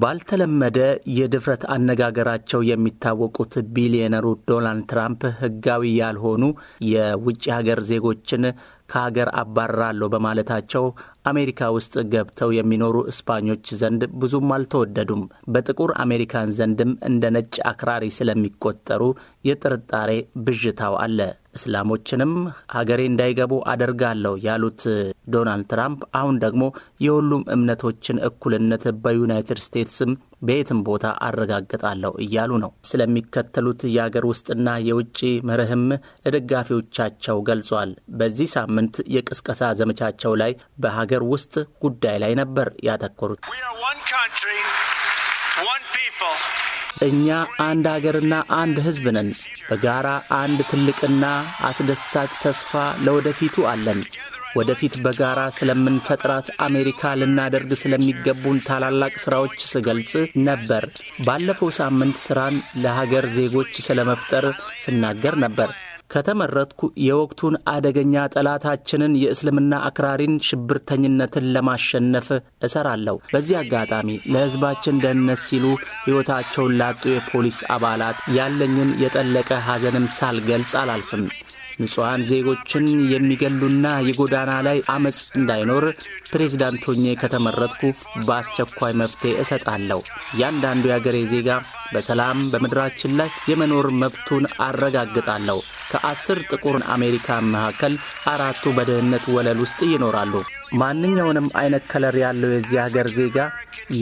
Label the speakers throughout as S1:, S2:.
S1: ባልተለመደ የድፍረት አነጋገራቸው የሚታወቁት ቢሊዮነሩ ዶናልድ ትራምፕ ሕጋዊ ያልሆኑ የውጭ ሀገር ዜጎችን ከሀገር አባራለሁ በማለታቸው አሜሪካ ውስጥ ገብተው የሚኖሩ እስፓኞች ዘንድ ብዙም አልተወደዱም። በጥቁር አሜሪካን ዘንድም እንደ ነጭ አክራሪ ስለሚቆጠሩ የጥርጣሬ ብዥታው አለ። እስላሞችንም ሀገሬ እንዳይገቡ አደርጋለሁ ያሉት ዶናልድ ትራምፕ አሁን ደግሞ የሁሉም እምነቶችን እኩልነት በዩናይትድ ስቴትስም በየትም ቦታ አረጋግጣለሁ እያሉ ነው። ስለሚከተሉት የአገር ውስጥና የውጭ መርህም ለደጋፊዎቻቸው ገልጿል። በዚህ ሳምንት የቅስቀሳ ዘመቻቸው ላይ በሀገር ውስጥ ጉዳይ ላይ ነበር ያተኮሩት። እኛ አንድ አገርና አንድ ሕዝብ ነን። በጋራ አንድ ትልቅና አስደሳች ተስፋ ለወደፊቱ አለን። ወደፊት በጋራ ስለምንፈጥራት አሜሪካ ልናደርግ ስለሚገቡን ታላላቅ ሥራዎች ስገልጽ ነበር። ባለፈው ሳምንት ሥራን ለሀገር ዜጎች ስለመፍጠር ስናገር ነበር። ከተመረጥኩ የወቅቱን አደገኛ ጠላታችንን የእስልምና አክራሪን ሽብርተኝነትን ለማሸነፍ እሰራለሁ። በዚህ አጋጣሚ ለሕዝባችን ደህንነት ሲሉ ሕይወታቸውን ላጡ የፖሊስ አባላት ያለኝን የጠለቀ ሐዘንም ሳልገልጽ አላልፍም። ንጹሐን ዜጎችን የሚገሉና የጎዳና ላይ አመፅ እንዳይኖር ፕሬዚዳንት ሆኜ ከተመረጥኩ በአስቸኳይ መፍትሄ እሰጣለሁ። እያንዳንዱ የአገሬ ዜጋ በሰላም በምድራችን ላይ የመኖር መብቱን አረጋግጣለሁ። ከአስር ጥቁር አሜሪካን መካከል አራቱ በድህነት ወለል ውስጥ ይኖራሉ። ማንኛውንም አይነት ከለር ያለው የዚህ ሀገር ዜጋ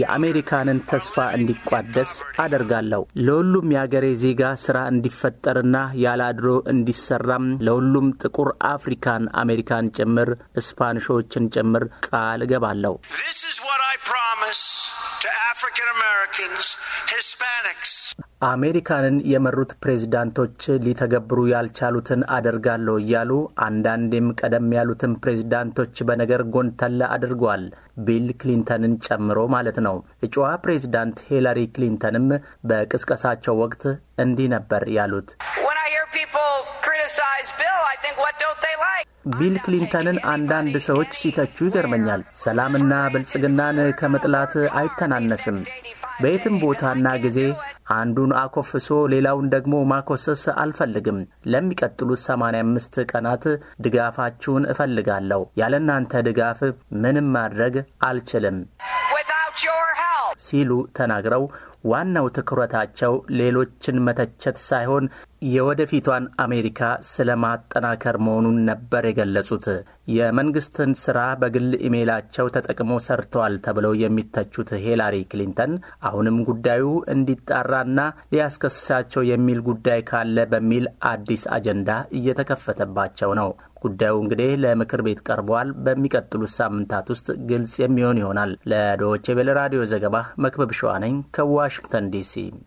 S1: የአሜሪካንን ተስፋ እንዲቋደስ አደርጋለሁ። ለሁሉም የአገሬ ዜጋ ሥራ እንዲፈጠርና ያላድሮ እንዲሰራም ለሁሉም ጥቁር አፍሪካን አሜሪካን ጭምር ስፓንሾችን ጭምር ቃል እገባለሁ። አሜሪካንን የመሩት ፕሬዝዳንቶች ሊተገብሩ ያልቻሉትን አደርጋለሁ እያሉ አንዳንዴም ቀደም ያሉትን ፕሬዝዳንቶች በነገር ጎንተለ አድርጓል። ቢል ክሊንተንን ጨምሮ ማለት ነው። እጩዋ ፕሬዝዳንት ሂላሪ ክሊንተንም በቅስቀሳቸው ወቅት እንዲህ ነበር ያሉት ቢል ክሊንተንን አንዳንድ ሰዎች ሲተቹ ይገርመኛል። ሰላምና ብልጽግናን ከመጥላት አይተናነስም። በየትም ቦታና ጊዜ አንዱን አኮፍሶ ሌላውን ደግሞ ማኮሰስ አልፈልግም። ለሚቀጥሉት 85 ቀናት ድጋፋችሁን እፈልጋለሁ። ያለ እናንተ ድጋፍ ምንም ማድረግ አልችልም ሲሉ ተናግረው ዋናው ትኩረታቸው ሌሎችን መተቸት ሳይሆን የወደፊቷን አሜሪካ ስለ ማጠናከር መሆኑን ነበር የገለጹት። የመንግስትን ስራ በግል ኢሜይላቸው ተጠቅሞ ሰርተዋል ተብለው የሚተቹት ሂላሪ ክሊንተን አሁንም ጉዳዩ እንዲጣራና ሊያስከስሳቸው የሚል ጉዳይ ካለ በሚል አዲስ አጀንዳ እየተከፈተባቸው ነው። ጉዳዩ እንግዲህ ለምክር ቤት ቀርቧል። በሚቀጥሉት ሳምንታት ውስጥ ግልጽ የሚሆን ይሆናል። ለዶቼ ቬለ ራዲዮ ዘገባ መክበብ ሸዋነኝ ከዋ Washington, D.C.